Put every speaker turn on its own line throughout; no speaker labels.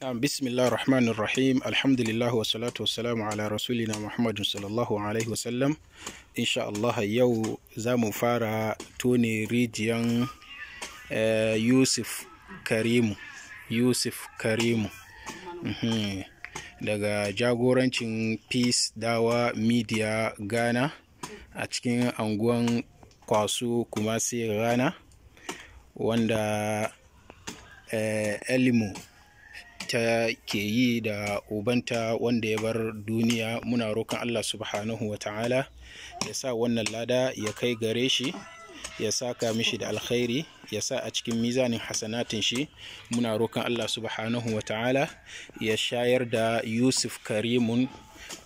bismillah rahman rahim alhamdulillah wa salatu wassalamu ala rasulina muhammadin sallallahu alaihi wasallam insha Allah yau za mu fara tuni rijiyan eh, yusuf karimu yusuf karimu mhm. daga jagorancin peace dawa media ghana a cikin anguwan kwaso kuma sai ghana wanda uh, elimu ita ke yi da ubanta wanda ya bar duniya muna roƙon Allah subhanahu wa ta'ala ya sa wannan lada ya kai gare shi ya saka mishi da alkhairi ya sa a cikin mizanin hasanatin shi muna roƙon Allah subhanahu wa ta'ala ya shayar da Yusuf Karimun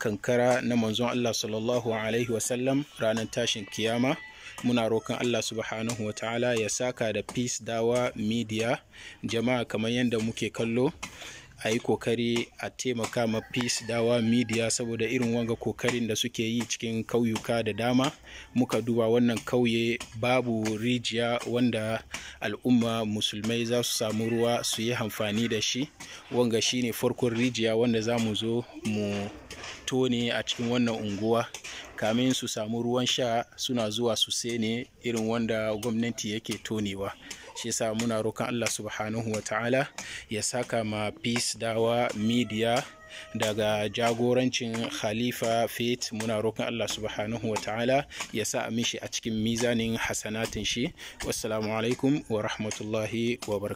kankara na manzon Allah sallallahu alaihi wasallam ranar tashin kiyama muna roƙon Allah subhanahu wa ta'ala ya saka da peace dawa media jama'a kamar yadda muke kallo a yi kokari a taimaka ma peace dawa media saboda irin wanga kokarin da suke yi cikin kauyuka da dama muka duba wannan kauye babu rijiya wanda al'umma musulmai za su samu ruwa su yi amfani da shi wanga shine farkon rijiya wanda za mu zo mu tone a cikin wannan unguwa kamin su samu ruwan sha suna zuwa su ne irin wanda gwamnati yake tonewa shi yasa muna roƙon Allah subhanahu wa ta'ala ya saka ma peace dawa media daga jagorancin khalifa faith muna roƙon Allah subhanahu wa ta'ala ya sa mishi a cikin mizanin hasanatin shi wassalamu alaikum wa rahmatullahi wa